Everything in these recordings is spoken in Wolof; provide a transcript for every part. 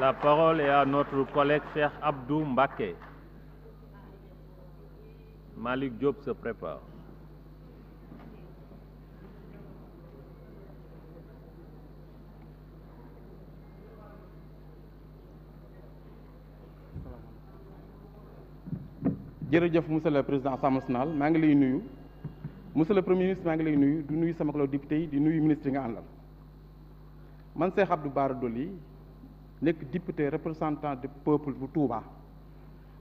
La parole est à notre collègue Cheikh Abdou Mbaké. Malik Diop se président Assemblée nationale maa ngi lay nuyu monsieur le premier ministre maa ngi lay nuyu du nuyu sama collègue député yi di nuyu ministre yi nga àndal man Cheikh Abdou Bara Dolly nekk député représentant du peuple bu Touba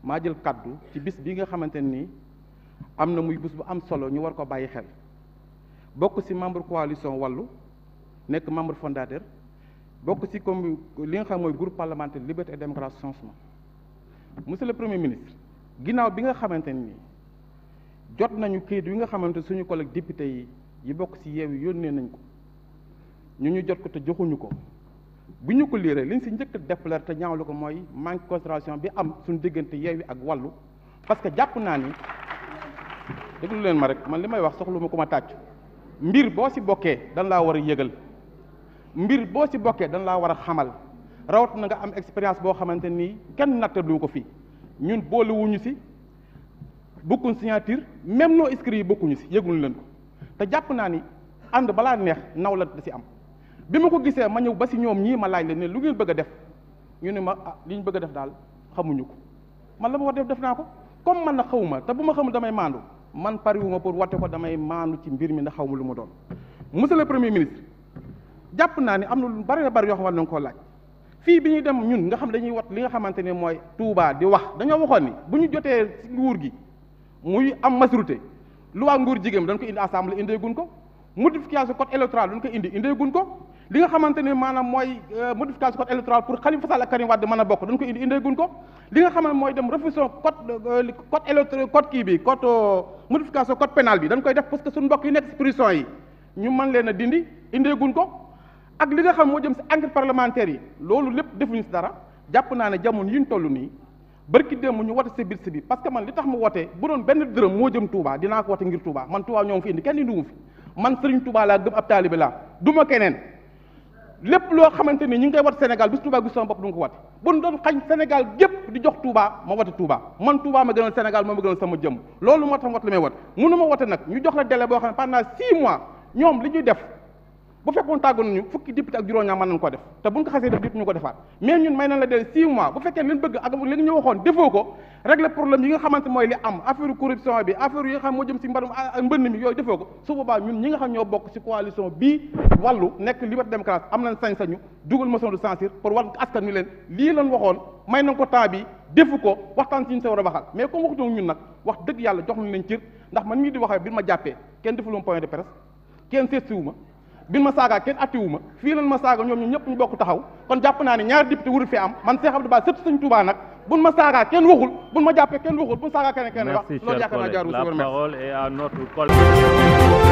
maa jël kaddu ci bis bi nga xamante ni am na muy bis bu am solo ñu war ko bàyyi xel bokk ci membre coalition wàllu nekk membre fondateur bokk ci comme li nga xam mooy groupe parlementaire liberté et démocratie changement monsieur le premier ministre ginnaaw bi nga xamante ni jot nañu kayit yi nga xamante suñu collègue député yi yi bokk ci yeew yi yónnee nañ ko ñu ñu jot ko te joxuñu ko bu ñu ko liiree li ñu si njëkk déplore te ñaawlu ko mooy manque concentration bi am suñu diggante Yewwi ak Wallu parce que jàpp naa ni déglu leen ma rek man li may wax soxlu ma ku ma tàcc mbir boo si bokkee dan laa war a yëgal mbir boo si bokkee dan laa war a xamal rawat na nga am expérience boo xamante nii kenn nattalu ko fii ñun boolewuñu si bokkuñ signature même noo inscrits yi bokkuñu si yëguñu leen ko te jàpp naa ni ànd balaa neex naw la da si am bi ma ko gisee ma ñëw ba si ñoom ñii ma laaj la ne lu ngeen bëgg def ñu ne ma ah li ñu bëgg def daal xamuñu ko man la ma war def def naa ko comme man na xawuma te bu ma xamul damay maandu man pariwuma pour wate ko damay maandu ci mbir mi ndax xawma lu mu doon monsieur le premier ministre jàpp naa ne am na lu bari bari yoo xam war nañu koo laaj fii bi ñuy dem ñun nga xam dañuy wat li nga xamante ne mooy Touba di wax dañoo waxoon ni bu ñu jotee nguur gi muy am majorité loi nguur jigéen dañ ko indi assemblée indee gun ko mu modification code électoral dañ ko indi indee gun ko li nga xamante ni maanaam mooy euh, modification code électoral pour Khalifa Sall ak Karim Wade mën a bokk dañ ko indi indeeguñ ko li nga xamante mooy dem révision code euh, code électoral code kii bi code euh, modification code pénal bi dañ koy def parce que suñu mbokk yi nekk prison yi ñu mën leen a dindi indeeguñ ko ak li nga xam moo jëm ci enquête parlementaire yi loolu lépp defuñu si dara jàpp naa ne jamono yi ñu toll nii barki démb ñu wote ci biir bi parce que man li tax mu wote bu doon benn dërëm moo jëm Touba dinaa ko wote ngir Touba man Touba ñoo ngi fi indi kenn indiwu fi man Serigne Touba laa gëm ab keneen lépp loo xamante ni ñu ngi koy wat Sénégal bis Touba gis sama bopp du nga ko wat bu ñu doon xañ Sénégal gépp di jox Touba ma wate Touba man Touba ma gënal Sénégal moom ma gënal sama jëm loolu moo tax wat li may wat mënu ma wate nag ñu jox la délai boo xam ne pendant six mois ñoom li ñuy def bu fekkoon tàggu nañu fukki député ak juróom ñaar mën nañu ko def te buñ ko xasee def dépp ñu ko defaat mais ñun may nañ la del 6 mois bu fekkee leen bëgg ak li ñu waxoon defoo ko régler problème yi nga xamante mooy li am affaire corruption bi affaire yi nga xam moo jëm si mbarum ah, mbënn mi yooyu defoo ko su boobaa ñun ñi nga xam ñoo bokk si coalition bii wàllu nekk liberté démocrate am nañ sañ-sañu dugal motion de censure pour war askan ñu leen lii lan waxoon may nañ ko temps bi ko waxtaan ñu sa war a waxal mais comme waxtu ñun nag wax dëgg yàlla jox nañ ndax man mii di waxee bi ma jàppee kenn defuluma point de presse kenn seetsiwu ma bin ma saagaa kenn attiwu ma fii lan ma saaga ñoom ñu ñëpp ñu bokk taxaw kon jàpp naa ne ñaar ñaari député wuru fi am man Cheikh Abdou Bara sëpp Sëñ Touba nag buñ ma saagaa kenn waxul buñ ma jàppee kenn waxul buñ saagaa kenn kenn wax loolu yaakaar naa jaarul la parole est à notre collègue